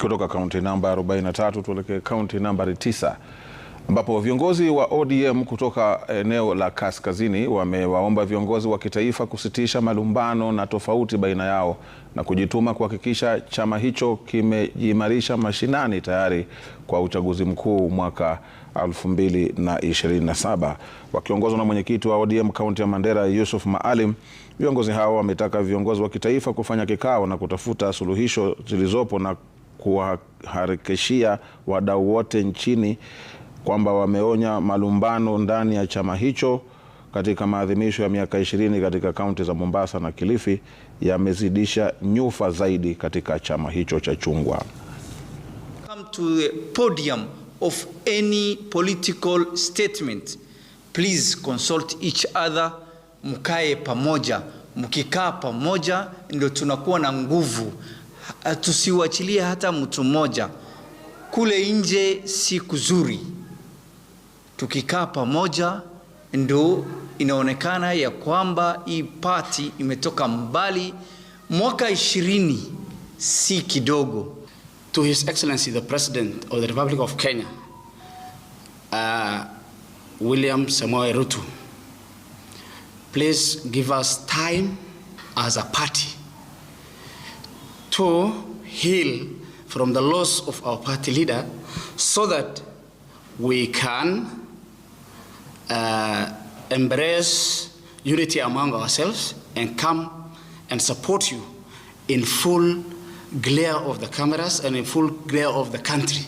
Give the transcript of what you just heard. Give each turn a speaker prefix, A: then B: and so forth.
A: Kutoka kaunti namba 43 tuelekee kaunti nambari 9 ambapo viongozi wa ODM kutoka eneo la kaskazini wamewaomba viongozi wa kitaifa kusitisha malumbano na tofauti baina yao na kujituma kuhakikisha chama hicho kimejiimarisha mashinani tayari kwa uchaguzi mkuu mwaka 2027. Wakiongozwa na mwenyekiti wa ODM kaunti ya Mandera Yusuf Maalim, viongozi hao wametaka viongozi wa kitaifa kufanya kikao na kutafuta suluhisho zilizopo na kuwaharakishia wadau wote nchini kwamba wameonya malumbano ndani ya chama hicho katika maadhimisho ya miaka ishirini katika kaunti za Mombasa na Kilifi yamezidisha nyufa zaidi katika chama hicho cha chungwa.
B: Come to the podium of any political statement. Please consult each other, mkae pamoja. Mkikaa pamoja ndio tunakuwa na nguvu, tusiuachilie hata mtu mmoja. Kule nje si kuzuri tukikaa pamoja ndo inaonekana ya kwamba hii pati imetoka mbali mwaka ishirini si kidogo
C: to his excellency the president of the republic of kenya uh, william samoe rutu please give us time as a party to heal from the loss of our party leader so that we can embrace unity among ourselves and come and support you in full glare of the cameras and in full glare of the country.